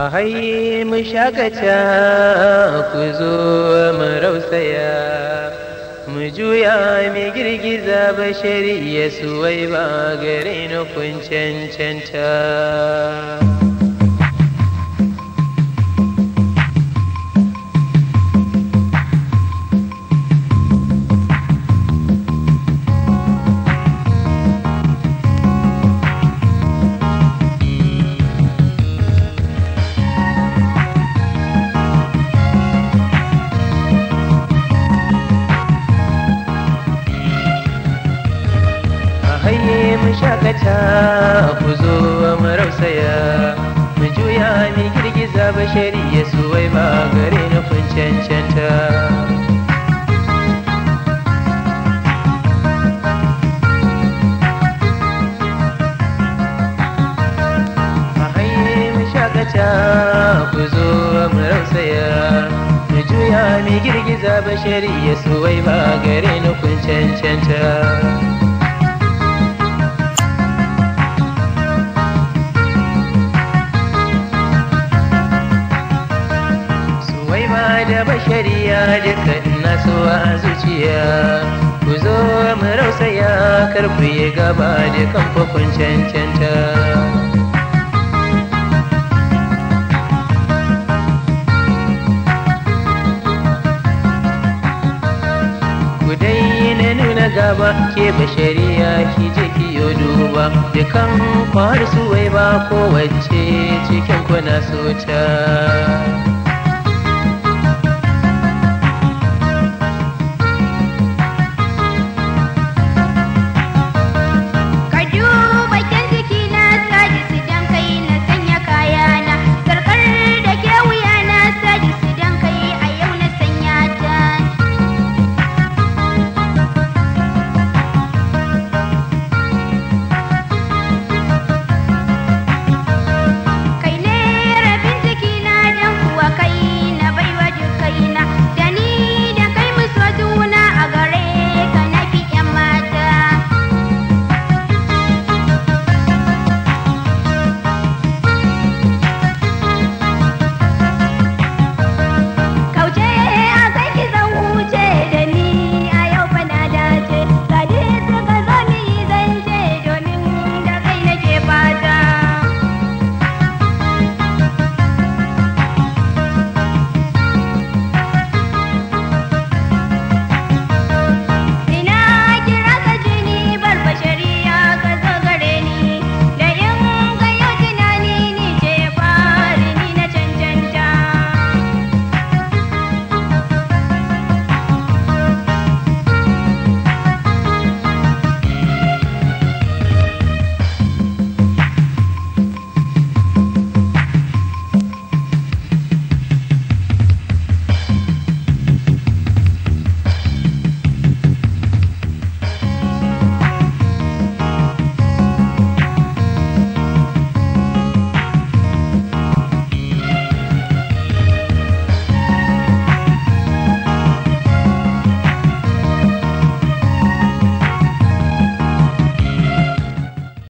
ahai mu shakata ku zo mu rausaya mu juya mai girgiza bashari ya suwai ba gare ni halata ku zo marausaya mu juya ni girgiza ya suwai ba gare nufin cancanta ku marausaya mu juya mi girgiza bashari ba gare nufin cancanta shari'a duka ina so a zuciya ku zo mu rausaya kar ku yi gaba da kan kun cancanta gaba ke bashariya ki je ki yo duba dukan kwar wai ba kowace cikin kuna so ta